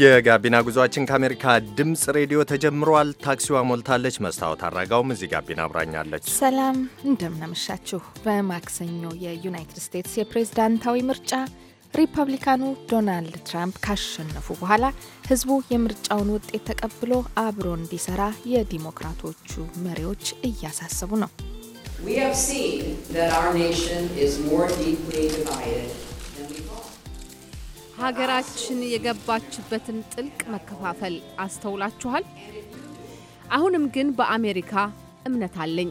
የጋቢና ጉዞአችን ከአሜሪካ ድምፅ ሬዲዮ ተጀምሯል። ታክሲዋ ሞልታለች። መስታወት አድራጋውም እዚህ ጋቢና አብራኛለች። ሰላም እንደምናመሻችሁ። በማክሰኞ የዩናይትድ ስቴትስ የፕሬዝዳንታዊ ምርጫ ሪፐብሊካኑ ዶናልድ ትራምፕ ካሸነፉ በኋላ ህዝቡ የምርጫውን ውጤት ተቀብሎ አብሮ እንዲሰራ የዲሞክራቶቹ መሪዎች እያሳሰቡ ነው። ሀገራችን የገባችበትን ጥልቅ መከፋፈል አስተውላችኋል? አሁንም ግን በአሜሪካ እምነት አለኝ፣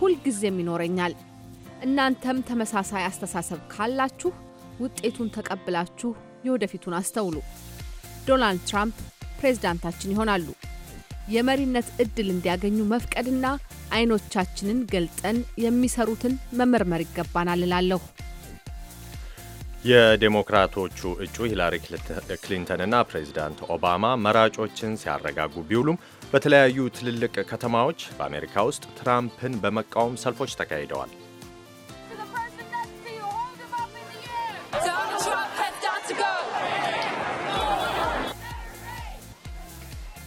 ሁልጊዜም ይኖረኛል። እናንተም ተመሳሳይ አስተሳሰብ ካላችሁ ውጤቱን ተቀብላችሁ የወደፊቱን አስተውሉ። ዶናልድ ትራምፕ ፕሬዝዳንታችን ይሆናሉ። የመሪነት እድል እንዲያገኙ መፍቀድና አይኖቻችንን ገልጠን የሚሰሩትን መመርመር ይገባናል እላለሁ። የዴሞክራቶቹ እጩ ሂላሪ ክሊንተንና ፕሬዚዳንት ኦባማ መራጮችን ሲያረጋጉ ቢውሉም በተለያዩ ትልልቅ ከተማዎች በአሜሪካ ውስጥ ትራምፕን በመቃወም ሰልፎች ተካሂደዋል።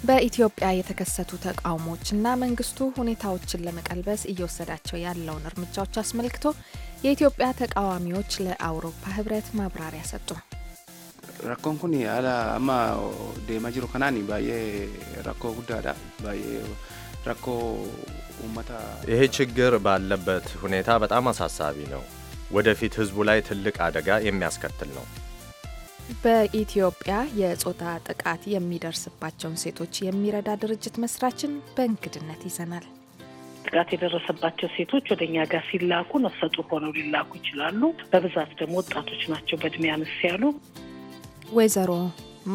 በኢትዮጵያ የተከሰቱ ተቃውሞዎችና መንግስቱ ሁኔታዎችን ለመቀልበስ እየወሰዳቸው ያለውን እርምጃዎች አስመልክቶ የኢትዮጵያ ተቃዋሚዎች ለአውሮፓ ህብረት ማብራሪያ ሰጡ። rakkoon አላ አማ ደማጅሮ ከናኒ ባዬ kanaan ጉዳዳ ባዬ guddaadha baay'ee ይሄ ችግር ባለበት ሁኔታ በጣም አሳሳቢ ነው። ወደፊት ህዝቡ ላይ ትልቅ አደጋ የሚያስከትል ነው። በኢትዮጵያ የጾታ ጥቃት የሚደርስባቸውን ሴቶች የሚረዳ ድርጅት መስራችን በእንግድነት ይዘናል። ጥቃት የደረሰባቸው ሴቶች ወደ እኛ ጋር ሲላኩ ነፍሰ ጡር ሆነው ሊላኩ ይችላሉ። በብዛት ደግሞ ወጣቶች ናቸው፣ በእድሜ አነስ ያሉ። ወይዘሮ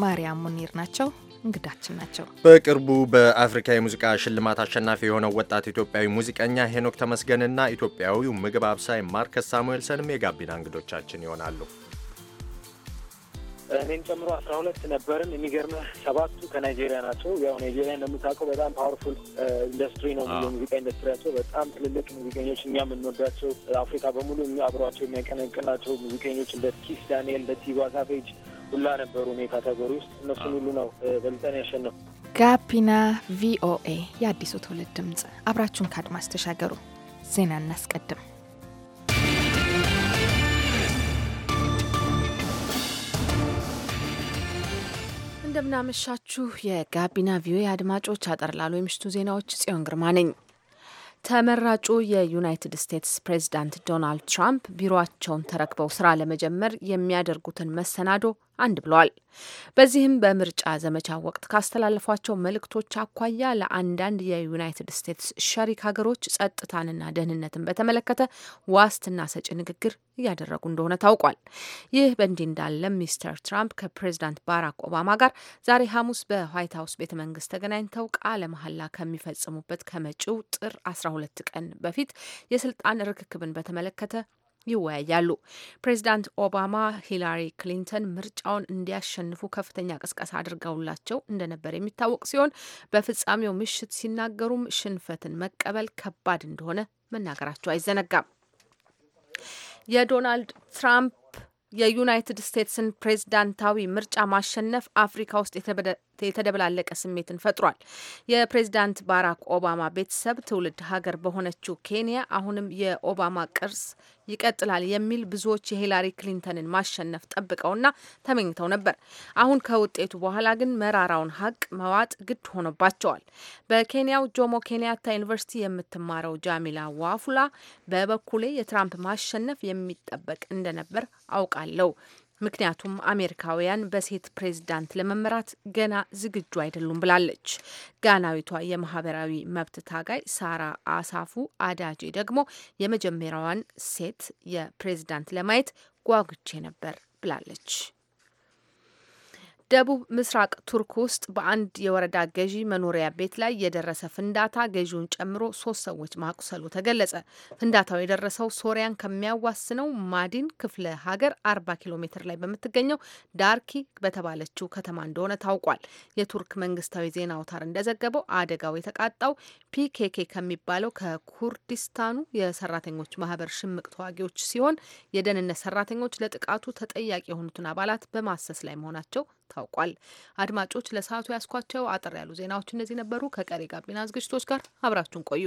ማርያም ሙኒር ናቸው እንግዳችን ናቸው። በቅርቡ በአፍሪካ የሙዚቃ ሽልማት አሸናፊ የሆነው ወጣት ኢትዮጵያዊ ሙዚቀኛ ሄኖክ ተመስገንና ኢትዮጵያዊው ምግብ አብሳይ ማርከስ ሳሙኤልሰንም የጋቢና እንግዶቻችን ይሆናሉ። እኔን ጨምሮ አስራ ሁለት ነበርን። የሚገርምህ ሰባቱ ከናይጄሪያ ናቸው። ያው ናይጄሪያ እንደምታውቀው በጣም ፓወርፉል ኢንዱስትሪ ነው ሙሉ ሙዚቃ ኢንዱስትሪያቸው በጣም ትልልቅ ሙዚቀኞች፣ እኛ የምንወዳቸው አፍሪካ በሙሉ አብሯቸው የሚያቀነቅናቸው ሙዚቀኞች እንደ ኪስ ዳንኤል፣ እንደ ቲባ ሳቬጅ ሁላ ነበሩ እኔ ካተጎሪ ውስጥ እነሱን ሁሉ ነው በልጠን ያሸነፉ። ጋቢና ቪኦኤ የአዲሱ ትውልድ ድምፅ፣ አብራችሁን ከአድማስ ተሻገሩ። ዜና እናስቀድም። እንደምናመሻችሁ የጋቢና ቪኦኤ አድማጮች፣ አጠር ላሉ የምሽቱ ዜናዎች ጽዮን ግርማ ነኝ። ተመራጩ የዩናይትድ ስቴትስ ፕሬዚዳንት ዶናልድ ትራምፕ ቢሮአቸውን ተረክበው ስራ ለመጀመር የሚያደርጉትን መሰናዶ አንድ ብለዋል። በዚህም በምርጫ ዘመቻ ወቅት ካስተላለፏቸው መልእክቶች አኳያ ለአንዳንድ የዩናይትድ ስቴትስ ሸሪክ ሀገሮች ጸጥታንና ደህንነትን በተመለከተ ዋስትና ሰጪ ንግግር እያደረጉ እንደሆነ ታውቋል። ይህ በእንዲህ እንዳለ ሚስተር ትራምፕ ከፕሬዚዳንት ባራክ ኦባማ ጋር ዛሬ ሐሙስ በዋይት ሀውስ ቤተ መንግስት ተገናኝተው ቃለ መሐላ ከሚፈጽሙበት ከመጪው ጥር 12 ቀን በፊት የስልጣን ርክክብን በተመለከተ ይወያያሉ። ፕሬዚዳንት ኦባማ ሂላሪ ክሊንተን ምርጫውን እንዲያሸንፉ ከፍተኛ ቅስቀሳ አድርገውላቸው እንደነበር የሚታወቅ ሲሆን በፍጻሜው ምሽት ሲናገሩም ሽንፈትን መቀበል ከባድ እንደሆነ መናገራቸው አይዘነጋም። የዶናልድ ትራምፕ የዩናይትድ ስቴትስን ፕሬዝዳንታዊ ምርጫ ማሸነፍ አፍሪካ ውስጥ የተደበላለቀ ስሜትን ፈጥሯል። የፕሬዚዳንት ባራክ ኦባማ ቤተሰብ ትውልድ ሀገር በሆነችው ኬንያ አሁንም የኦባማ ቅርስ ይቀጥላል የሚል ብዙዎች የሂላሪ ክሊንተንን ማሸነፍ ጠብቀውና ተመኝተው ነበር። አሁን ከውጤቱ በኋላ ግን መራራውን ሀቅ መዋጥ ግድ ሆኖባቸዋል። በኬንያው ጆሞ ኬንያታ ዩኒቨርሲቲ የምትማረው ጃሚላ ዋፉላ በበኩሌ የትራምፕ ማሸነፍ የሚጠበቅ እንደነበር አውቃለሁ ምክንያቱም አሜሪካውያን በሴት ፕሬዝዳንት ለመመራት ገና ዝግጁ አይደሉም ብላለች። ጋናዊቷ የማህበራዊ መብት ታጋይ ሳራ አሳፉ አዳጄ ደግሞ የመጀመሪያዋን ሴት የፕሬዚዳንት ለማየት ጓጉቼ ነበር ብላለች። ደቡብ ምስራቅ ቱርክ ውስጥ በአንድ የወረዳ ገዢ መኖሪያ ቤት ላይ የደረሰ ፍንዳታ ገዢውን ጨምሮ ሶስት ሰዎች ማቁሰሉ ተገለጸ። ፍንዳታው የደረሰው ሶሪያን ከሚያዋስነው ማዲን ክፍለ ሀገር አርባ ኪሎ ሜትር ላይ በምትገኘው ዳርኪ በተባለችው ከተማ እንደሆነ ታውቋል። የቱርክ መንግስታዊ ዜና አውታር እንደዘገበው አደጋው የተቃጣው ፒኬኬ ከሚባለው ከኩርዲስታኑ የሰራተኞች ማህበር ሽምቅ ተዋጊዎች ሲሆን የደህንነት ሰራተኞች ለጥቃቱ ተጠያቂ የሆኑትን አባላት በማሰስ ላይ መሆናቸው ታውቋል። አድማጮች ለሰዓቱ ያስኳቸው አጠር ያሉ ዜናዎች እነዚህ ነበሩ። ከቀሪ ጋቢና ዝግጅቶች ጋር አብራችሁን ቆዩ።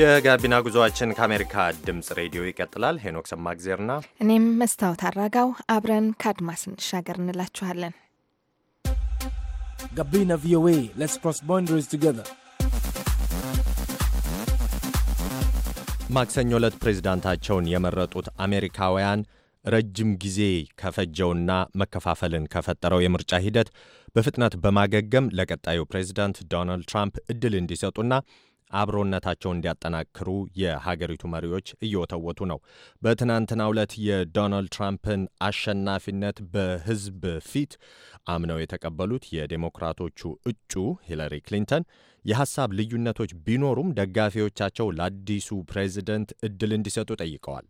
የጋቢና ጉዞአችን ከአሜሪካ ድምጽ ሬዲዮ ይቀጥላል። ሄኖክ ሰማግዜርና እኔም መስታወት አራጋው አብረን ከአድማስ እንሻገር እንላችኋለን። ጋቢና ቪኦኤ ሌትስ ክሮስ ቦንደሪስ ቱጌዘር ማክሰኞ ዕለት ፕሬዝዳንታቸውን የመረጡት አሜሪካውያን ረጅም ጊዜ ከፈጀውና መከፋፈልን ከፈጠረው የምርጫ ሂደት በፍጥነት በማገገም ለቀጣዩ ፕሬዝዳንት ዶናልድ ትራምፕ እድል እንዲሰጡና አብሮነታቸውን እንዲያጠናክሩ የሀገሪቱ መሪዎች እየወተወቱ ነው። በትናንትናው ዕለት የዶናልድ ትራምፕን አሸናፊነት በሕዝብ ፊት አምነው የተቀበሉት የዴሞክራቶቹ እጩ ሂለሪ ክሊንተን የሐሳብ ልዩነቶች ቢኖሩም ደጋፊዎቻቸው ለአዲሱ ፕሬዚደንት ዕድል እንዲሰጡ ጠይቀዋል።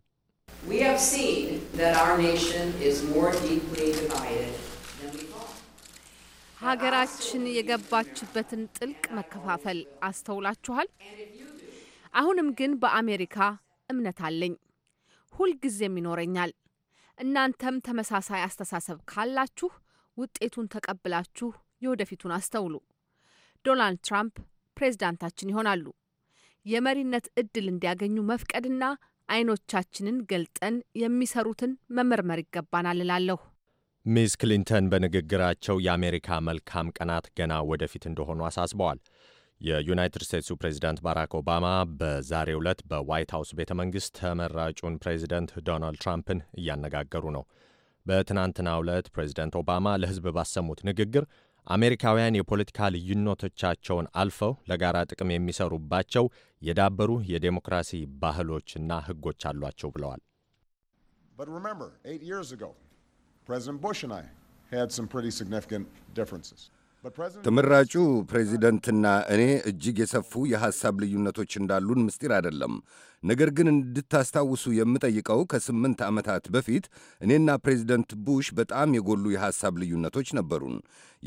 We have seen that our nation is more deeply divided ሀገራችን የገባችበትን ጥልቅ መከፋፈል አስተውላችኋል። አሁንም ግን በአሜሪካ እምነት አለኝ፣ ሁልጊዜም ይኖረኛል። እናንተም ተመሳሳይ አስተሳሰብ ካላችሁ ውጤቱን ተቀብላችሁ የወደፊቱን አስተውሉ። ዶናልድ ትራምፕ ፕሬዝዳንታችን ይሆናሉ። የመሪነት እድል እንዲያገኙ መፍቀድና አይኖቻችንን ገልጠን የሚሰሩትን መመርመር ይገባናል እላለሁ። ሚስ ክሊንተን በንግግራቸው የአሜሪካ መልካም ቀናት ገና ወደፊት እንደሆኑ አሳስበዋል። የዩናይትድ ስቴትሱ ፕሬዚዳንት ባራክ ኦባማ በዛሬ ዕለት በዋይት ሀውስ ቤተ መንግሥት ተመራጩን ፕሬዚደንት ዶናልድ ትራምፕን እያነጋገሩ ነው። በትናንትና ዕለት ፕሬዚደንት ኦባማ ለሕዝብ ባሰሙት ንግግር አሜሪካውያን የፖለቲካ ልዩነቶቻቸውን አልፈው ለጋራ ጥቅም የሚሰሩባቸው የዳበሩ የዴሞክራሲ ባህሎችና ሕጎች አሏቸው ብለዋል። President Bush and I had some pretty significant differences. ተመራጩ ፕሬዚደንትና እኔ እጅግ የሰፉ የሐሳብ ልዩነቶች እንዳሉን ምስጢር አይደለም። ነገር ግን እንድታስታውሱ የምጠይቀው ከስምንት ዓመታት በፊት እኔና ፕሬዚደንት ቡሽ በጣም የጎሉ የሐሳብ ልዩነቶች ነበሩን።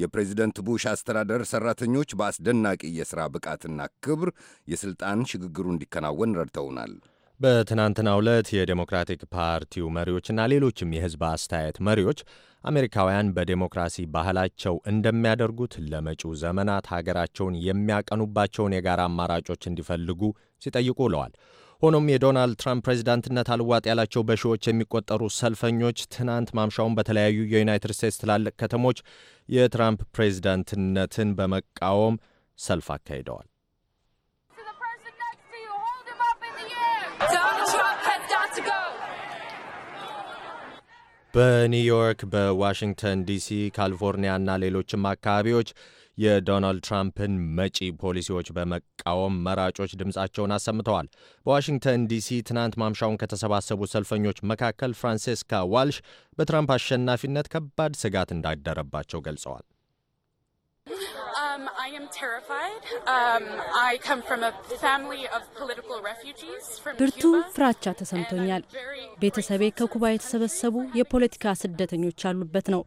የፕሬዚደንት ቡሽ አስተዳደር ሠራተኞች በአስደናቂ የሥራ ብቃትና ክብር የሥልጣን ሽግግሩ እንዲከናወን ረድተውናል። በትናንትናው ዕለት የዴሞክራቲክ ፓርቲው መሪዎችና ሌሎችም የህዝብ አስተያየት መሪዎች አሜሪካውያን በዴሞክራሲ ባህላቸው እንደሚያደርጉት ለመጪው ዘመናት ሀገራቸውን የሚያቀኑባቸውን የጋራ አማራጮች እንዲፈልጉ ሲጠይቁ ውለዋል። ሆኖም የዶናልድ ትራምፕ ፕሬዚዳንትነት አልዋጥ ያላቸው በሺዎች የሚቆጠሩ ሰልፈኞች ትናንት ማምሻውን በተለያዩ የዩናይትድ ስቴትስ ትላልቅ ከተሞች የትራምፕ ፕሬዚዳንትነትን በመቃወም ሰልፍ አካሂደዋል። በኒውዮርክ፣ በዋሽንግተን ዲሲ፣ ካሊፎርኒያ እና ሌሎችም አካባቢዎች የዶናልድ ትራምፕን መጪ ፖሊሲዎች በመቃወም መራጮች ድምፃቸውን አሰምተዋል። በዋሽንግተን ዲሲ ትናንት ማምሻውን ከተሰባሰቡ ሰልፈኞች መካከል ፍራንሴስካ ዋልሽ በትራምፕ አሸናፊነት ከባድ ስጋት እንዳደረባቸው ገልጸዋል። I am terrified. Um, I come from a family of political refugees from ብርቱ ፍራቻ ተሰምቶኛል። ቤተሰቤ ከኩባ የተሰበሰቡ የፖለቲካ ስደተኞች ያሉበት ነው።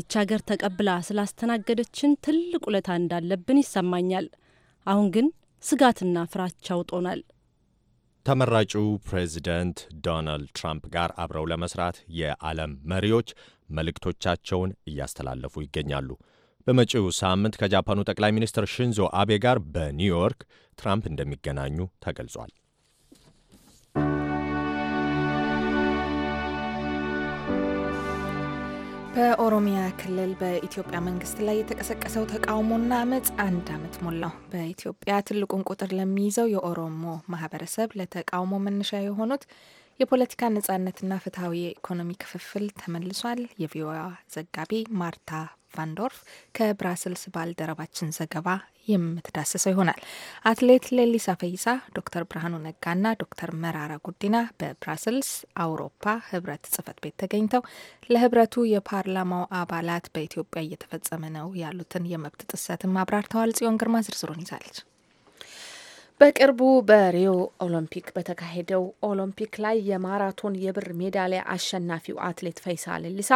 ይቺ ሀገር ተቀብላ ስላስተናገደችን ትልቅ ውለታ እንዳለብን ይሰማኛል። አሁን ግን ስጋትና ፍራቻ ውጦናል። ተመራጩ ፕሬዚደንት ዶናልድ ትራምፕ ጋር አብረው ለመስራት የዓለም መሪዎች መልእክቶቻቸውን እያስተላለፉ ይገኛሉ። በመጪው ሳምንት ከጃፓኑ ጠቅላይ ሚኒስትር ሽንዞ አቤ ጋር በኒውዮርክ ትራምፕ እንደሚገናኙ ተገልጿል። በኦሮሚያ ክልል በኢትዮጵያ መንግስት ላይ የተቀሰቀሰው ተቃውሞና አመፅ አንድ አመት ሞላው። በኢትዮጵያ ትልቁን ቁጥር ለሚይዘው የኦሮሞ ማህበረሰብ ለተቃውሞ መነሻ የሆኑት የፖለቲካ ነጻነትና ፍትሐዊ የኢኮኖሚ ክፍፍል ተመልሷል። የቪኦኤ ዘጋቢ ማርታ ቫንዶርፍ ከብራስልስ ባልደረባችን ዘገባ የምትዳስሰው ይሆናል። አትሌት ሌሊሳ ፈይሳ፣ ዶክተር ብርሃኑ ነጋና ዶክተር መራራ ጉዲና በብራስልስ አውሮፓ ህብረት ጽህፈት ቤት ተገኝተው ለህብረቱ የፓርላማው አባላት በኢትዮጵያ እየተፈጸመ ነው ያሉትን የመብት ጥሰትም አብራርተዋል። ጽዮን ግርማ ዝርዝሩን ይዛለች። በቅርቡ በሪዮ ኦሎምፒክ በተካሄደው ኦሎምፒክ ላይ የማራቶን የብር ሜዳሊያ አሸናፊው አትሌት ፈይሳ ሌሊሳ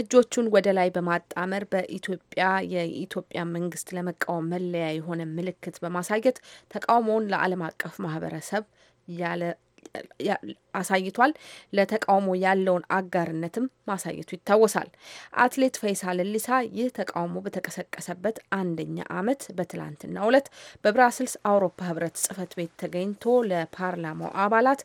እጆቹን ወደ ላይ በማጣመር በኢትዮጵያ የኢትዮጵያ መንግስት ለመቃወም መለያ የሆነ ምልክት በማሳየት ተቃውሞውን ለዓለም አቀፍ ማህበረሰብ ያለ አሳይቷል። ለተቃውሞ ያለውን አጋርነትም ማሳየቱ ይታወሳል። አትሌት ፈይሳ ለሊሳ ይህ ተቃውሞ በተቀሰቀሰበት አንደኛ ዓመት በትላንትናው ዕለት በብራስልስ አውሮፓ ህብረት ጽህፈት ቤት ተገኝቶ ለፓርላማው አባላት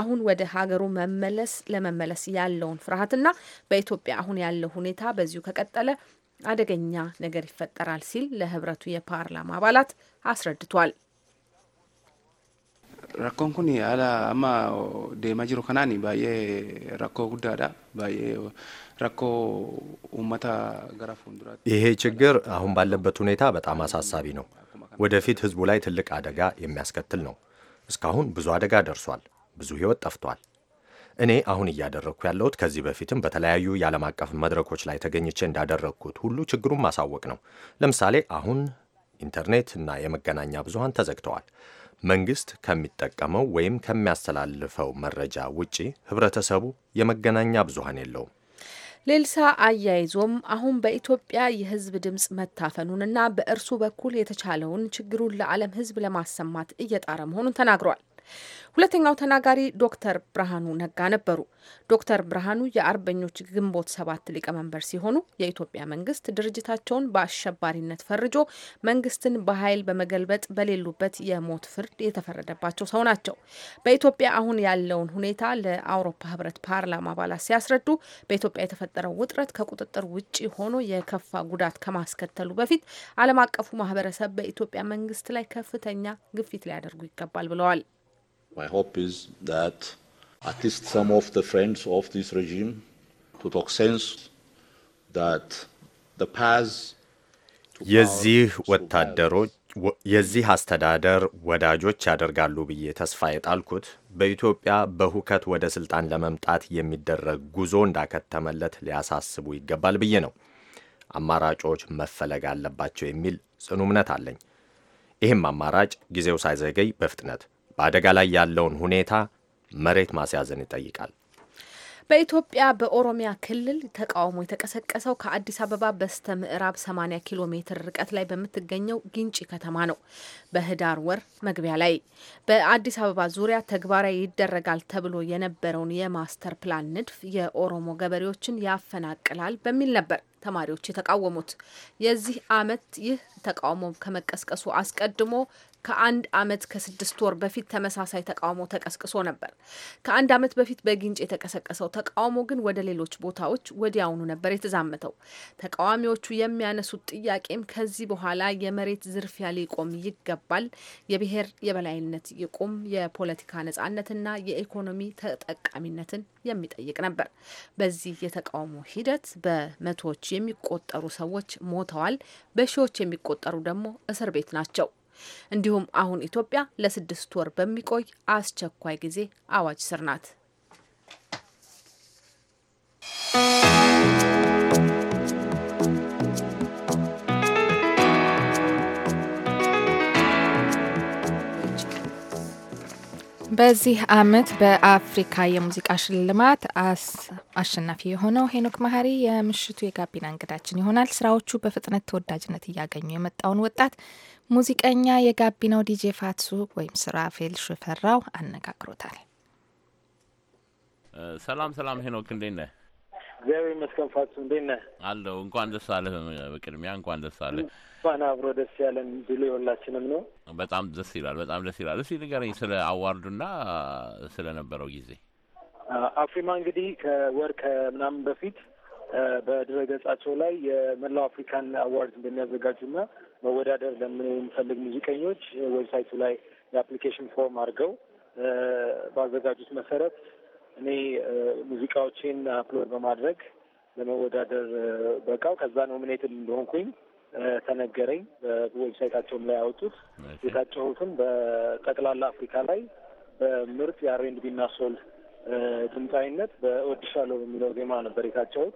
አሁን ወደ ሀገሩ መመለስ ለመመለስ ያለውን ፍርሃትና በኢትዮጵያ አሁን ያለው ሁኔታ በዚሁ ከቀጠለ አደገኛ ነገር ይፈጠራል ሲል ለህብረቱ የፓርላማ አባላት አስረድቷል። Rakkoon kun haala amma deemaa jiru kanaan baay'ee rakkoo guddaadha. Baay'ee rakkoo uummata gara fuulduraatti. ይሄ ችግር አሁን ባለበት ሁኔታ በጣም አሳሳቢ ነው። ወደፊት ህዝቡ ላይ ትልቅ አደጋ የሚያስከትል ነው። እስካሁን ብዙ አደጋ ደርሷል። ብዙ ህይወት ጠፍቷል። እኔ አሁን እያደረግኩ ያለሁት ከዚህ በፊትም በተለያዩ የዓለም አቀፍ መድረኮች ላይ ተገኝቼ እንዳደረግኩት ሁሉ ችግሩን ማሳወቅ ነው። ለምሳሌ አሁን ኢንተርኔት እና የመገናኛ ብዙሃን ተዘግተዋል። መንግስት ከሚጠቀመው ወይም ከሚያስተላልፈው መረጃ ውጪ ህብረተሰቡ የመገናኛ ብዙሀን የለውም። ሌልሳ አያይዞም አሁን በኢትዮጵያ የህዝብ ድምፅ መታፈኑንና በእርሱ በኩል የተቻለውን ችግሩን ለዓለም ህዝብ ለማሰማት እየጣረ መሆኑን ተናግሯል። ሁለተኛው ተናጋሪ ዶክተር ብርሃኑ ነጋ ነበሩ። ዶክተር ብርሃኑ የአርበኞች ግንቦት ሰባት ሊቀመንበር ሲሆኑ የኢትዮጵያ መንግስት ድርጅታቸውን በአሸባሪነት ፈርጆ መንግስትን በኃይል በመገልበጥ በሌሉበት የሞት ፍርድ የተፈረደባቸው ሰው ናቸው። በኢትዮጵያ አሁን ያለውን ሁኔታ ለአውሮፓ ህብረት ፓርላማ አባላት ሲያስረዱ በኢትዮጵያ የተፈጠረው ውጥረት ከቁጥጥር ውጭ ሆኖ የከፋ ጉዳት ከማስከተሉ በፊት ዓለም አቀፉ ማህበረሰብ በኢትዮጵያ መንግስት ላይ ከፍተኛ ግፊት ሊያደርጉ ይገባል ብለዋል። My hope is that at least some of the friends of this regime to talk sense that the paths የዚህ ወታደሮች የዚህ አስተዳደር ወዳጆች ያደርጋሉ ብዬ ተስፋ የጣልኩት በኢትዮጵያ በሁከት ወደ ስልጣን ለመምጣት የሚደረግ ጉዞ እንዳከተመለት ሊያሳስቡ ይገባል ብዬ ነው። አማራጮች መፈለግ አለባቸው የሚል ጽኑ እምነት አለኝ። ይህም አማራጭ ጊዜው ሳይዘገይ በፍጥነት በአደጋ ላይ ያለውን ሁኔታ መሬት ማስያዝን ይጠይቃል። በኢትዮጵያ በኦሮሚያ ክልል ተቃውሞ የተቀሰቀሰው ከአዲስ አበባ በስተ ምዕራብ 80 ኪሎ ሜትር ርቀት ላይ በምትገኘው ግንጪ ከተማ ነው። በህዳር ወር መግቢያ ላይ በአዲስ አበባ ዙሪያ ተግባራዊ ይደረጋል ተብሎ የነበረውን የማስተር ፕላን ንድፍ የኦሮሞ ገበሬዎችን ያፈናቅላል በሚል ነበር ተማሪዎች የተቃወሙት። የዚህ አመት ይህ ተቃውሞ ከመቀስቀሱ አስቀድሞ ከአንድ ዓመት ከስድስት ወር በፊት ተመሳሳይ ተቃውሞ ተቀስቅሶ ነበር። ከአንድ ዓመት በፊት በግንጭ የተቀሰቀሰው ተቃውሞ ግን ወደ ሌሎች ቦታዎች ወዲያውኑ ነበር የተዛመተው። ተቃዋሚዎቹ የሚያነሱት ጥያቄም ከዚህ በኋላ የመሬት ዝርፊያ ሊቆም ይገባል፣ የብሔር የበላይነት ይቁም፣ የፖለቲካ ነጻነትና የኢኮኖሚ ተጠቃሚነትን የሚጠይቅ ነበር። በዚህ የተቃውሞ ሂደት በመቶዎች የሚቆጠሩ ሰዎች ሞተዋል፣ በሺዎች የሚቆጠሩ ደግሞ እስር ቤት ናቸው። እንዲሁም አሁን ኢትዮጵያ ለስድስት ወር በሚቆይ አስቸኳይ ጊዜ አዋጅ ስር ናት። በዚህ ዓመት በአፍሪካ የሙዚቃ ሽልማት አሸናፊ የሆነው ሄኖክ መሀሪ የምሽቱ የጋቢና እንግዳችን ይሆናል። ስራዎቹ በፍጥነት ተወዳጅነት እያገኙ የመጣውን ወጣት ሙዚቀኛ የጋቢናው ዲጄ ፋትሱ ወይም ስራፌል ሽፈራው አነጋግሮታል። ሰላም ሰላም፣ ሄኖክ እንዴት ነህ? እግዚአብሔር ይመስገን። ፋቱ እንዴት ነህ? አለው እንኳን ደስ አለህ። በቅድሚያ እንኳን ደስ አለህ። እንኳን አብሮ ደስ ያለን ድሉ የሁላችንም ነው። በጣም ደስ ይላል። በጣም ደስ ይላል። እስኪ ንገረኝ ስለ አዋርዱና ስለ ነበረው ጊዜ። አፍሪማ እንግዲህ ከወር ከምናምን በፊት በድረ ገጻቸው ላይ የመላው አፍሪካን አዋርድ እንደሚያዘጋጁና መወዳደር ለምንፈልግ ሙዚቀኞች ዌብሳይቱ ላይ የአፕሊኬሽን ፎርም አድርገው ባዘጋጁት መሰረት እኔ ሙዚቃዎቼን አፕሎድ በማድረግ ለመወዳደር በቃው። ከዛ ኖሚኔትድ እንደሆንኩኝ ተነገረኝ። በዌብሳይታቸውም ላይ ያወጡት የታጨሁትም በጠቅላላ አፍሪካ ላይ በምርጥ የአሬንድ ቢና ሶል ድምፃዊነት በወድሻለሁ በሚለው ዜማ ነበር የታጨሁት።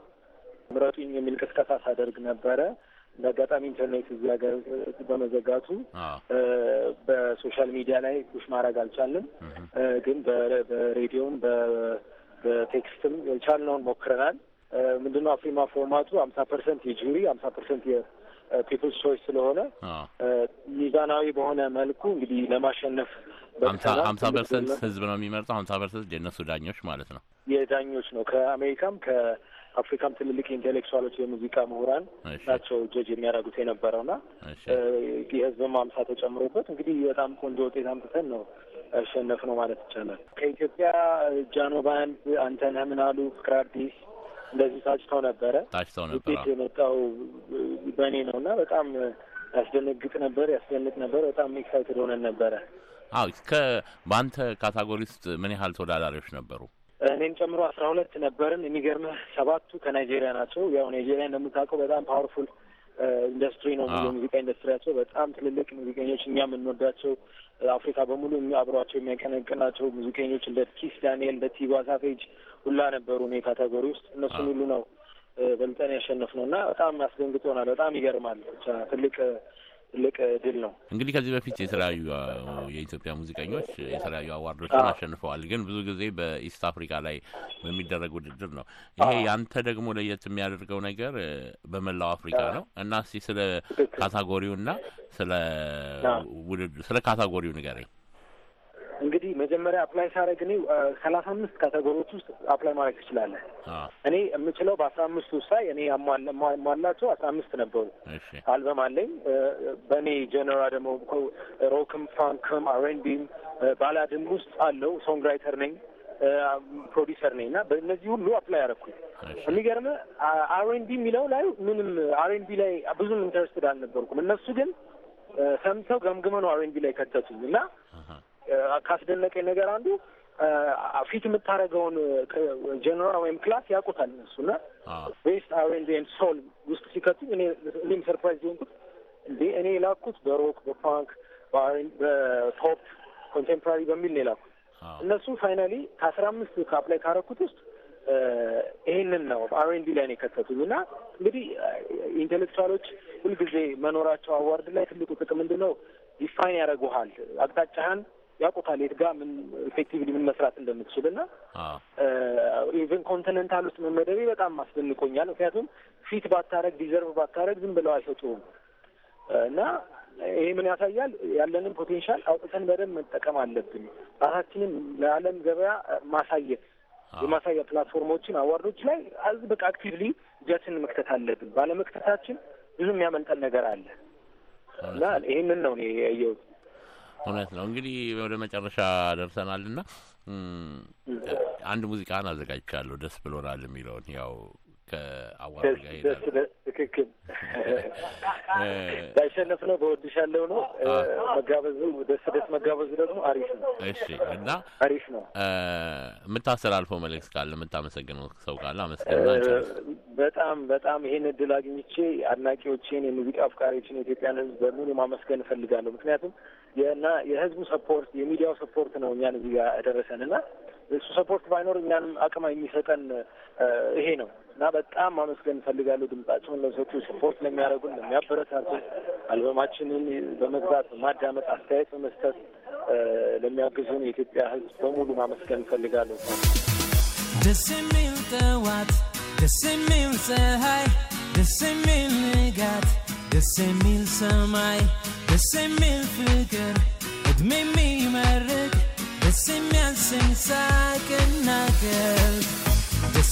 ምረጡኝ የሚል ቅስቀሳ ሳደርግ ነበረ። በአጋጣሚ ኢንተርኔት እዚህ ሀገር በመዘጋቱ በሶሻል ሚዲያ ላይ ፑሽ ማድረግ አልቻልም። ግን በሬዲዮም በቴክስትም የቻልነውን ሞክረናል። ምንድነው አፍሪማ ፎርማቱ አምሳ ፐርሰንት የጁሪ አምሳ ፐርሰንት የፒፕልስ ቾይስ ስለሆነ ሚዛናዊ በሆነ መልኩ እንግዲህ ለማሸነፍ ሀምሳ ፐርሰንት ህዝብ ነው የሚመርጠው፣ ሀምሳ ፐርሰንት የእነሱ ዳኞች ማለት ነው የዳኞች ነው ከአሜሪካም ከ አፍሪካም ትልልቅ ኢንቴሌክቹዋሎች የሙዚቃ ምሁራን ናቸው ጀጅ የሚያደርጉት የነበረውና የህዝብ ማምሳ ተጨምሮበት እንግዲህ በጣም ቆንጆ ውጤት አምጥተን ነው ያሸነፍ ነው ማለት ይቻላል። ከኢትዮጵያ ጃኖ ባንድ፣ አንተነህ ምናሉ፣ ፍቅር አዲስ እንደዚህ ታጭተው ነበረ። ታጭተው ነበረ። ውጤት የመጣው በእኔ ነው እና በጣም ያስደነግጥ ነበር፣ ያስደንቅ ነበር። በጣም ኤክሳይትድ ሆነን ነበረ። አዎ። በአንተ ካታጎሪ ውስጥ ምን ያህል ተወዳዳሪዎች ነበሩ? እኔን ጨምሮ አስራ ሁለት ነበርን። የሚገርምህ ሰባቱ ከናይጄሪያ ናቸው። ያው ናይጄሪያ እንደምታውቀው በጣም ፓወርፉል ኢንዱስትሪ ነው የሙዚቃ ኢንዱስትሪያቸው በጣም ትልልቅ ሙዚቀኞች እኛ የምንወዳቸው አፍሪካ በሙሉ አብሯቸው የሚያቀነቅናቸው ሙዚቀኞች እንደ ኪስ ዳንኤል፣ እንደ ቲባ ሳቬጅ ሁላ ነበሩ እኔ ካተጎሪ ውስጥ እነሱን ሁሉ ነው በልጠን ያሸነፍ ነው እና በጣም አስደንግጦናል። በጣም ይገርማል። ብቻ ትልቅ ትልቅ ድል ነው። እንግዲህ ከዚህ በፊት የተለያዩ የኢትዮጵያ ሙዚቀኞች የተለያዩ አዋርዶችን አሸንፈዋል። ግን ብዙ ጊዜ በኢስት አፍሪካ ላይ በሚደረግ ውድድር ነው። ይሄ ያንተ ደግሞ ለየት የሚያደርገው ነገር በመላው አፍሪካ ነው እና እስኪ ስለ ካታጎሪውና ስለ ውድድር ስለ ካታጎሪው ንገረኝ። መጀመሪያ አፕላይ ሳደርግ እኔ ሰላሳ አምስት ካተጎሪዎች ውስጥ አፕላይ ማድረግ ትችላለህ። እኔ የምችለው በአስራ አምስቱ ሳይ እኔ ያሟላቸው አስራ አምስት ነበሩ። አልበም አለኝ በእኔ ጀነራ ደግሞ ሮክም፣ ፋንክም፣ አሬንቢም ባላድም ውስጥ አለው። ሶንግ ራይተር ነኝ፣ ፕሮዲሰር ነኝ እና በእነዚህ ሁሉ አፕላይ አደረኩኝ። የሚገርም አሬንቢ የሚለው ላይ ምንም አሬንቢ ላይ ብዙም ኢንተረስትድ አልነበርኩም። እነሱ ግን ሰምተው ገምግመ ነው አሬንቢ ላይ ከተቱኝ እና ካስደነቀኝ ነገር አንዱ ፊት የምታደርገውን ጀኔራል ወይም ክላስ ያውቁታል እነሱ እና ቤስት አሬንጅ ኤንድ ሶል ውስጥ ሲከቱ እኔም ሰርፕራይዝ ሆንኩት። እንዴ እኔ የላኩት በሮክ በፓንክ በፖፕ ኮንቴምፖራሪ በሚል ነው የላኩት። እነሱ ፋይናሊ ከአስራ አምስት ከአፕላይ ካረኩት ውስጥ ይህንን ነው አሬንዲ ላይ ነው የከተቱኝ እና እንግዲህ ኢንቴሌክቹዋሎች ሁልጊዜ መኖራቸው አዋርድ ላይ ትልቁ ጥቅም ምንድን ነው? ዲፋይን ያደርጉሃል አቅጣጫህን ያውቁታል የት ጋር ምን ኢፌክቲቭሊ ምን መስራት እንደምትችል እና ኢቨን ኮንቲኔንታል ውስጥ መመደቤ በጣም አስደንቆኛል። ምክንያቱም ፊት ባታረግ ዲዘርቭ ባታረግ ዝም ብለው አይሰጡም እና ይሄ ምን ያሳያል? ያለንን ፖቴንሻል አውጥተን በደንብ መጠቀም አለብን። ራሳችንን ለዓለም ገበያ ማሳየት የማሳያ ፕላትፎርሞችን አዋርዶች ላይ አዝ በቃ አክቲቭሊ እጃችንን መክተት አለብን። ባለመክተታችን ብዙ የሚያመልጠን ነገር አለ እና ይህንን ነው ያየሁት። እውነት ነው። እንግዲህ ወደ መጨረሻ ደርሰናል እና አንድ ሙዚቃን አዘጋጅቻለሁ ደስ ብሎናል የሚለውን ያው ከአዋራ ጋር ትክክል ያሸነፍ ነው። በወድሻለሁ ነው መጋበዙ ደስ ደስ መጋበዙ ደግሞ አሪፍ ነው። እሺ እና አሪፍ ነው። የምታስተላልፈው መልእክት ካለ የምታመሰግነው ሰው ካለ አመስገና። በጣም በጣም ይሄን እድል አግኝቼ አድናቂዎቼን፣ የሙዚቃ አፍቃሪዎችን፣ የኢትዮጵያን ህዝብ በሙሉ ማመስገን እፈልጋለሁ። ምክንያቱም የና የህዝቡ ሰፖርት የሚዲያው ሰፖርት ነው እኛን እዚህ ጋር ያደረሰን እና እሱ ሰፖርት ባይኖር እኛንም አቅማ የሚሰጠን ይሄ ነው እና በጣም ማመስገን እንፈልጋለሁ። ድምጻቸውን ለሰጡ፣ ስፖርት ለሚያደርጉን፣ ለሚያበረታቱ፣ አልበማችንን በመግዛት በማዳመጥ አስተያየት በመስጠት ለሚያግዙን የኢትዮጵያ ሕዝብ በሙሉ ማመስገን እንፈልጋለሁ። ደስ የሚል ጠዋት፣ ደስ የሚል ፀሐይ፣ ደስ የሚል ንጋት፣ ደስ የሚል ሰማይ፣ ደስ የሚል ፍቅር እድሜ የሚመርቅ ደስ የሚያሰኝ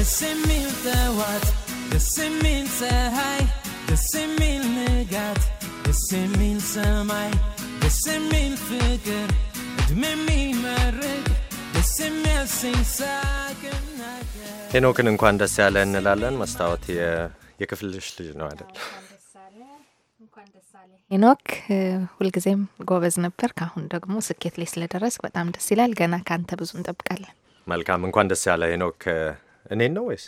ንጋት ሰማይ ፍቅር የሚመርቅ ደስ ሄኖክን እንኳን ደስ ያለ እንላለን። መስታወት የክፍልሽ ልጅ ነው አይደል? ሄኖክ ሁልጊዜም ጎበዝ ነበር። ከአሁን ደግሞ ስኬት ላይ ስለደረስክ በጣም ደስ ይላል። ገና ከአንተ ብዙ እንጠብቃለን። መልካም፣ እንኳን ደስ ያለ ሄኖክ። እኔ ነው ወይስ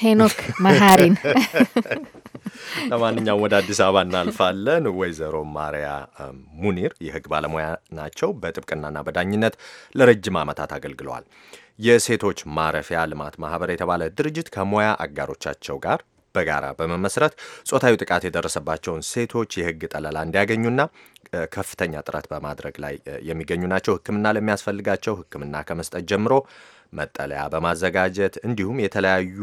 ሄኖክ መሀሪን? ለማንኛውም ወደ አዲስ አበባ እናልፋለን። ወይዘሮ ማሪያ ሙኒር የህግ ባለሙያ ናቸው። በጥብቅናና በዳኝነት ለረጅም ዓመታት አገልግለዋል። የሴቶች ማረፊያ ልማት ማህበር የተባለ ድርጅት ከሙያ አጋሮቻቸው ጋር በጋራ በመመስረት ጾታዊ ጥቃት የደረሰባቸውን ሴቶች የህግ ጠለላ እንዲያገኙና ከፍተኛ ጥረት በማድረግ ላይ የሚገኙ ናቸው። ሕክምና ለሚያስፈልጋቸው ሕክምና ከመስጠት ጀምሮ መጠለያ በማዘጋጀት እንዲሁም የተለያዩ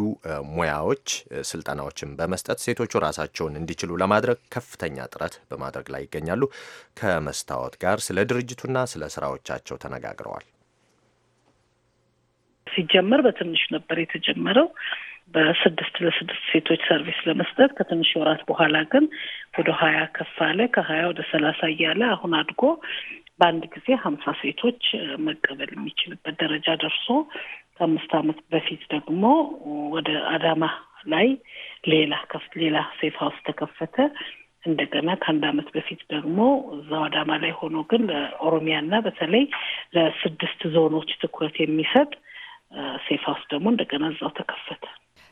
ሙያዎች ስልጠናዎችን በመስጠት ሴቶቹ ራሳቸውን እንዲችሉ ለማድረግ ከፍተኛ ጥረት በማድረግ ላይ ይገኛሉ። ከመስታወት ጋር ስለ ድርጅቱና ስለ ስራዎቻቸው ተነጋግረዋል። ሲጀመር በትንሽ ነበር የተጀመረው በስድስት ለስድስት ሴቶች ሰርቪስ ለመስጠት ከትንሽ ወራት በኋላ ግን ወደ ሀያ ከፍ አለ። ከሀያ ወደ ሰላሳ እያለ አሁን አድጎ በአንድ ጊዜ ሀምሳ ሴቶች መቀበል የሚችልበት ደረጃ ደርሶ ከአምስት አመት በፊት ደግሞ ወደ አዳማ ላይ ሌላ ሌላ ሴፍ ሀውስ ተከፈተ። እንደገና ከአንድ አመት በፊት ደግሞ እዛው አዳማ ላይ ሆኖ ግን ለኦሮሚያና በተለይ ለስድስት ዞኖች ትኩረት የሚሰጥ ሴፍ ሀውስ ደግሞ እንደገና እዛው ተከፈተ።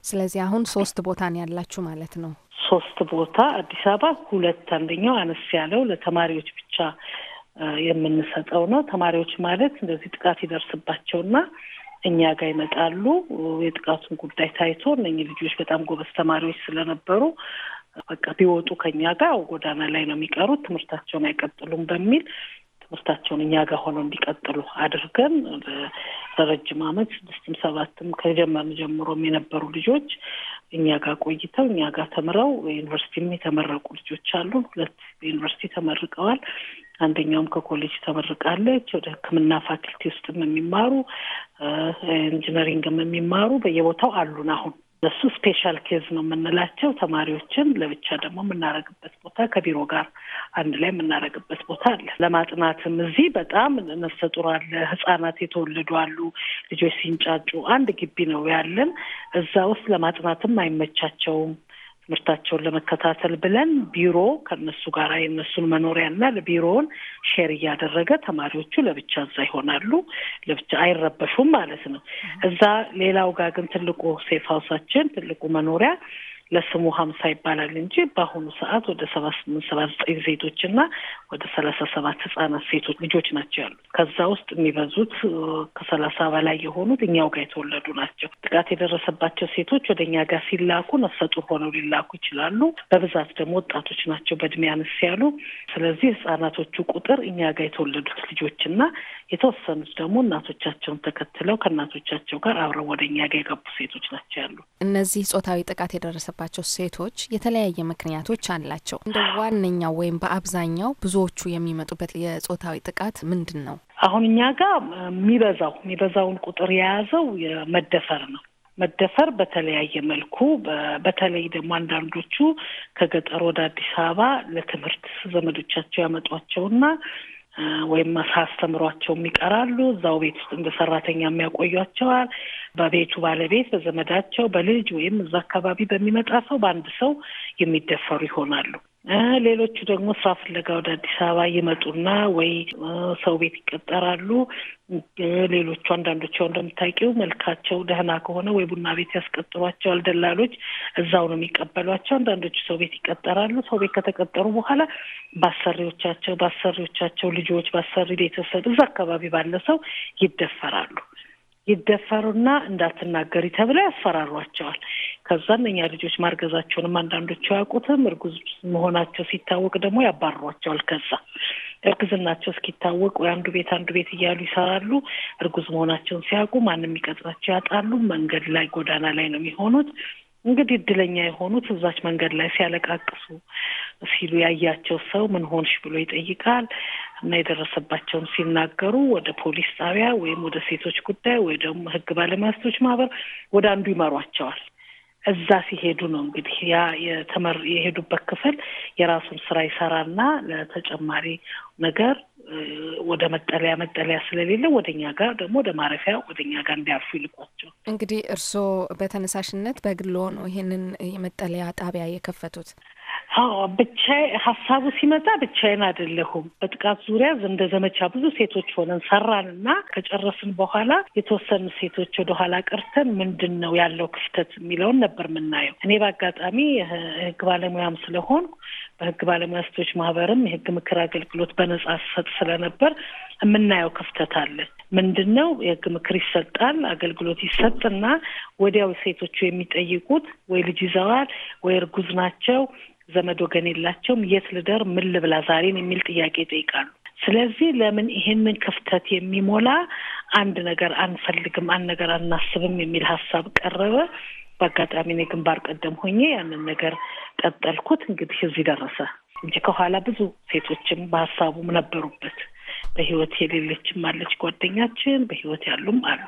ስለዚህ አሁን ሶስት ቦታ ነው ያላችሁ ማለት ነው። ሶስት ቦታ አዲስ አበባ ሁለት፣ አንደኛው አነስ ያለው ለተማሪዎች ብቻ የምንሰጠው ነው። ተማሪዎች ማለት እንደዚህ ጥቃት ይደርስባቸውና እኛ ጋር ይመጣሉ። የጥቃቱን ጉዳይ ታይቶ እነኚህ ልጆች በጣም ጎበዝ ተማሪዎች ስለነበሩ በቃ ቢወጡ ከኛ ጋር ጎዳና ላይ ነው የሚቀሩት፣ ትምህርታቸውን አይቀጥሉም በሚል ትምህርታቸውን እኛ ጋር ሆነው እንዲቀጥሉ አድርገን ለረጅም ዓመት ስድስትም ሰባትም ከጀመርን ጀምሮም የነበሩ ልጆች እኛ ጋር ቆይተው እኛ ጋር ተምረው ዩኒቨርሲቲም የተመረቁ ልጆች አሉ። ሁለት ዩኒቨርሲቲ ተመርቀዋል። አንደኛውም ከኮሌጅ ተመርቃለች። ወደ ሕክምና ፋክልቲ ውስጥም የሚማሩ ኢንጂነሪንግም የሚማሩ በየቦታው አሉን አሁን እሱ ስፔሻል ኬዝ ነው የምንላቸው ተማሪዎችን ለብቻ ደግሞ የምናረግበት ቦታ ከቢሮ ጋር አንድ ላይ የምናረግበት ቦታ አለ። ለማጥናትም እዚህ በጣም ነፍሰ ጡር አለ፣ ህጻናት የተወለዱ አሉ፣ ልጆች ሲንጫጩ አንድ ግቢ ነው ያለን። እዛ ውስጥ ለማጥናትም አይመቻቸውም። ምርታቸውን ለመከታተል ብለን ቢሮ ከነሱ ጋር የነሱን መኖሪያና ቢሮውን ሼር እያደረገ ተማሪዎቹ ለብቻ እዛ ይሆናሉ፣ ለብቻ አይረበሹም ማለት ነው። እዛ ሌላው ጋር ግን ትልቁ ሴፍ ሀውሳችን ትልቁ መኖሪያ ለስሙ ሀምሳ ይባላል እንጂ በአሁኑ ሰዓት ወደ ሰባ ስምንት ሰባ ዘጠኝ ሴቶች እና ወደ ሰላሳ ሰባት ህጻናት ሴቶች ልጆች ናቸው ያሉት። ከዛ ውስጥ የሚበዙት ከሰላሳ በላይ የሆኑት እኛው ጋር የተወለዱ ናቸው። ጥቃት የደረሰባቸው ሴቶች ወደ እኛ ጋር ሲላኩ ነፍሰ ጡር ሆነው ሊላኩ ይችላሉ። በብዛት ደግሞ ወጣቶች ናቸው በእድሜ አነስ ያሉ። ስለዚህ ህጻናቶቹ ቁጥር እኛ ጋር የተወለዱት ልጆች እና የተወሰኑት ደግሞ እናቶቻቸውን ተከትለው ከእናቶቻቸው ጋር አብረው ወደ እኛ ጋር የገቡ ሴቶች ናቸው ያሉ እነዚህ ጾታዊ ጥቃት የደረሰ የደረሰባቸው ሴቶች የተለያየ ምክንያቶች አላቸው። እንደ ዋነኛው ወይም በአብዛኛው ብዙዎቹ የሚመጡበት የጾታዊ ጥቃት ምንድን ነው? አሁን እኛ ጋር የሚበዛው የሚበዛውን ቁጥር የያዘው መደፈር ነው። መደፈር በተለያየ መልኩ በተለይ ደግሞ አንዳንዶቹ ከገጠር ወደ አዲስ አበባ ለትምህርት ዘመዶቻቸው ያመጧቸውና ወይም ሳስተምሯቸውም ይቀራሉ። እዛው ቤት ውስጥ እንደ ሰራተኛ የሚያቆያቸዋል። በቤቱ ባለቤት፣ በዘመዳቸው፣ በልጅ ወይም እዛ አካባቢ በሚመጣ ሰው በአንድ ሰው የሚደፈሩ ይሆናሉ። ሌሎቹ ደግሞ ስራ ፍለጋ ወደ አዲስ አበባ ይመጡና ወይ ሰው ቤት ይቀጠራሉ። ሌሎቹ አንዳንዶች አንዳንዶቹ እንደምታውቂው መልካቸው ደህና ከሆነ ወይ ቡና ቤት ያስቀጥሯቸዋል ደላሎች፣ እዛው ነው የሚቀበሏቸው። አንዳንዶቹ ሰው ቤት ይቀጠራሉ። ሰው ቤት ከተቀጠሩ በኋላ ባሰሪዎቻቸው ባሰሪዎቻቸው ልጆች፣ ባሰሪ ቤተሰብ፣ እዛ አካባቢ ባለ ሰው ይደፈራሉ። ይደፈሩና እንዳትናገሪ ተብለው ያስፈራሯቸዋል። ከዛ እነኛ ልጆች ማርገዛቸውንም አንዳንዶቹ ያውቁትም እርጉዝ መሆናቸው ሲታወቅ ደግሞ ያባሯቸዋል። ከዛ እርግዝናቸው እስኪታወቅ ወይ አንዱ ቤት አንዱ ቤት እያሉ ይሰራሉ። እርጉዝ መሆናቸውን ሲያውቁ ማንም የሚቀጥራቸው ያጣሉ። መንገድ ላይ ጎዳና ላይ ነው የሚሆኑት። እንግዲህ እድለኛ የሆኑት እዛች መንገድ ላይ ሲያለቃቅሱ ሲሉ ያያቸው ሰው ምን ሆንሽ ብሎ ይጠይቃል። እና የደረሰባቸውን ሲናገሩ ወደ ፖሊስ ጣቢያ ወይም ወደ ሴቶች ጉዳይ ወይ ደግሞ ሕግ ባለሙያቶች ማህበር ወደ አንዱ ይመሯቸዋል። እዛ ሲሄዱ ነው እንግዲህ ያ የተመር የሄዱበት ክፍል የራሱን ስራ ይሰራና ለተጨማሪ ነገር ወደ መጠለያ መጠለያ ስለሌለ ወደኛ ጋር ደግሞ ወደ ማረፊያ ወደኛ ጋር እንዲያርፉ ይልቋቸው። እንግዲህ እርስዎ በተነሳሽነት በግሎ ነው ይህንን የመጠለያ ጣቢያ የከፈቱት? አዎ ብቻዬ ሀሳቡ ሲመጣ ብቻዬን አይደለሁም። በጥቃት ዙሪያ እንደ ዘመቻ ብዙ ሴቶች ሆነን ሰራን እና ከጨረስን በኋላ የተወሰኑ ሴቶች ወደኋላ ቀርተን ምንድን ነው ያለው ክፍተት የሚለውን ነበር የምናየው። እኔ በአጋጣሚ ህግ ባለሙያም ስለሆን በህግ ባለሙያ ሴቶች ማህበርም የህግ ምክር አገልግሎት በነጻ ሰጥ ስለነበር የምናየው ክፍተት አለ። ምንድን ነው የህግ ምክር ይሰጣል፣ አገልግሎት ይሰጥና ወዲያው ሴቶቹ የሚጠይቁት ወይ ልጅ ይዘዋል ወይ እርጉዝ ናቸው ዘመድ ወገን የላቸውም። የት ልደር፣ ምን ልብላ ዛሬን የሚል ጥያቄ ይጠይቃሉ። ስለዚህ ለምን ይህንን ክፍተት የሚሞላ አንድ ነገር አንፈልግም፣ አንድ ነገር አናስብም የሚል ሀሳብ ቀረበ። በአጋጣሚ እኔ ግንባር ቀደም ሆኜ ያንን ነገር ቀጠልኩት። እንግዲህ እዚህ ደረሰ እንጂ ከኋላ ብዙ ሴቶችም በሀሳቡም ነበሩበት። በህይወት የሌለችም አለች ጓደኛችን፣ በህይወት ያሉም አሉ።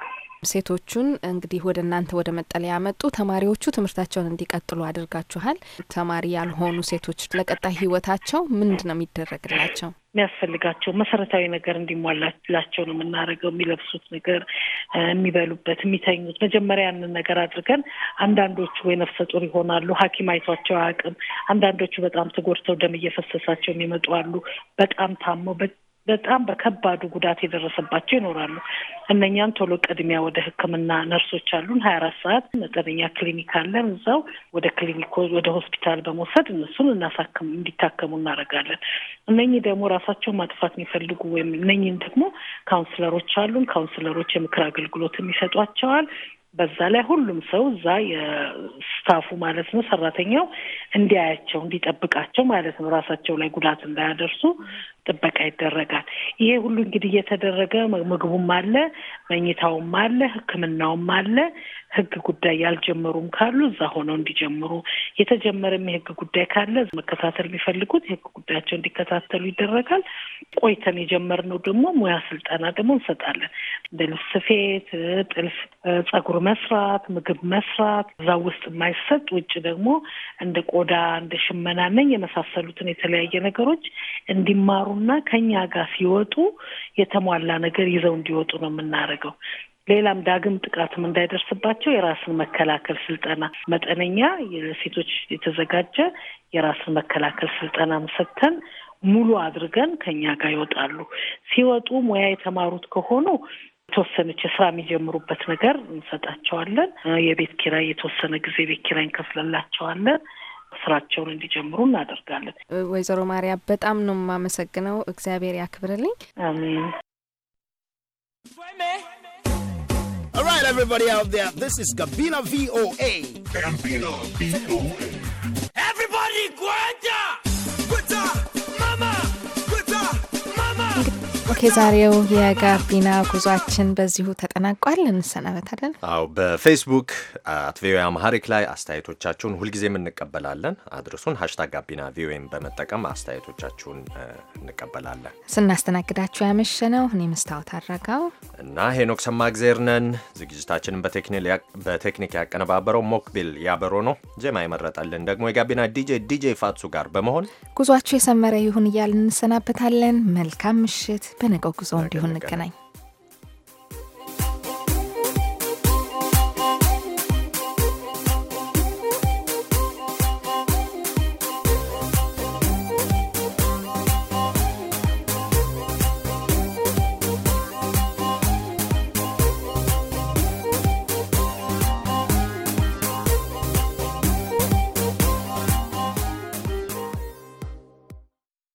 ሴቶቹን እንግዲህ ወደ እናንተ ወደ መጠለያ መጡ። ተማሪዎቹ ትምህርታቸውን እንዲቀጥሉ አድርጋችኋል። ተማሪ ያልሆኑ ሴቶች ለቀጣይ ህይወታቸው ምንድን ነው የሚደረግላቸው? የሚያስፈልጋቸው መሰረታዊ ነገር እንዲሟላላቸው ነው የምናደርገው። የሚለብሱት ነገር፣ የሚበሉበት፣ የሚተኙት መጀመሪያ ያንን ነገር አድርገን አንዳንዶቹ ወይ ነፍሰ ጡር ይሆናሉ፣ ሐኪም አይቷቸው አያውቅም። አንዳንዶቹ በጣም ተጎድተው ደም እየፈሰሳቸው የሚመጡ አሉ። በጣም ታመው በጣም በከባዱ ጉዳት የደረሰባቸው ይኖራሉ። እነኛን ቶሎ ቅድሚያ ወደ ሕክምና ነርሶች አሉን። ሀያ አራት ሰዓት መጠነኛ ክሊኒክ አለን። እዛው ወደ ክሊኒክ ወደ ሆስፒታል በመውሰድ እነሱን እናሳክም እንዲታከሙ እናደርጋለን። እነኚህ ደግሞ ራሳቸውን ማጥፋት የሚፈልጉ ወይም እነኚህን ደግሞ ካውንስለሮች አሉን። ካውንስለሮች የምክር አገልግሎትም ይሰጧቸዋል። በዛ ላይ ሁሉም ሰው እዛ የስታፉ ማለት ነው ሰራተኛው እንዲያያቸው እንዲጠብቃቸው ማለት ነው ራሳቸው ላይ ጉዳት እንዳያደርሱ ጥበቃ ይደረጋል። ይሄ ሁሉ እንግዲህ እየተደረገ ምግቡም አለ፣ መኝታውም አለ፣ ሕክምናውም አለ። ህግ ጉዳይ ያልጀመሩም ካሉ እዛ ሆነው እንዲጀምሩ፣ የተጀመረም የህግ ጉዳይ ካለ መከታተል የሚፈልጉት የህግ ጉዳያቸው እንዲከታተሉ ይደረጋል። ቆይተን የጀመርነው ደግሞ ሙያ ስልጠና ደግሞ እንሰጣለን። እንደ ልብስ ስፌት፣ ጥልፍ፣ ጸጉር መስራት፣ ምግብ መስራት እዛ ውስጥ የማይሰጥ ውጭ ደግሞ እንደ ቆዳ፣ እንደ ሽመና ነኝ የመሳሰሉትን የተለያየ ነገሮች እንዲማሩ እና ከኛ ጋር ሲወጡ የተሟላ ነገር ይዘው እንዲወጡ ነው የምናደርገው። ሌላም ዳግም ጥቃትም እንዳይደርስባቸው የራስን መከላከል ስልጠና መጠነኛ የሴቶች የተዘጋጀ የራስን መከላከል ስልጠናም ሰጥተን ሙሉ አድርገን ከኛ ጋር ይወጣሉ። ሲወጡ ሙያ የተማሩት ከሆኑ የተወሰነች የስራ የሚጀምሩበት ነገር እንሰጣቸዋለን። የቤት ኪራይ የተወሰነ ጊዜ ቤት ኪራይ እንከፍለላቸዋለን። ስራቸውን እንዲጀምሩ እናደርጋለን። ወይዘሮ ማርያ በጣም ነው የማመሰግነው። እግዚአብሔር ያክብርልኝ። አሜን። All right, everybody out there, this is Gabina VOA. Gabina VOA. Everybody, go! የዛሬው የጋቢና ጉዟችን በዚሁ ተጠናቋል። እንሰናበታለን። አዎ፣ በፌስቡክ አት ቪኦኤ አማሐሪክ ላይ አስተያየቶቻችሁን ሁልጊዜም እንቀበላለን። አድርሱን። ሀሽታግ ጋቢና ቪኦኤም በመጠቀም አስተያየቶቻችሁን እንቀበላለን። ስናስተናግዳችሁ ያመሸ ነው እኔ መስታወት አድረጋው እና ሄኖክ ሰማእግዜር ነን። ዝግጅታችንን በቴክኒክ ያቀነባበረው ሞክቢል ያበሮ ነው። ዜማ የመረጠልን ደግሞ የጋቢና ዲጄ ዲጄ ፋትሱ ጋር በመሆን ጉዟችሁ የሰመረ ይሁን እያል እንሰናበታለን። መልካም ምሽት። ነገ ጉዞ እንዲሆን እንገናኝ።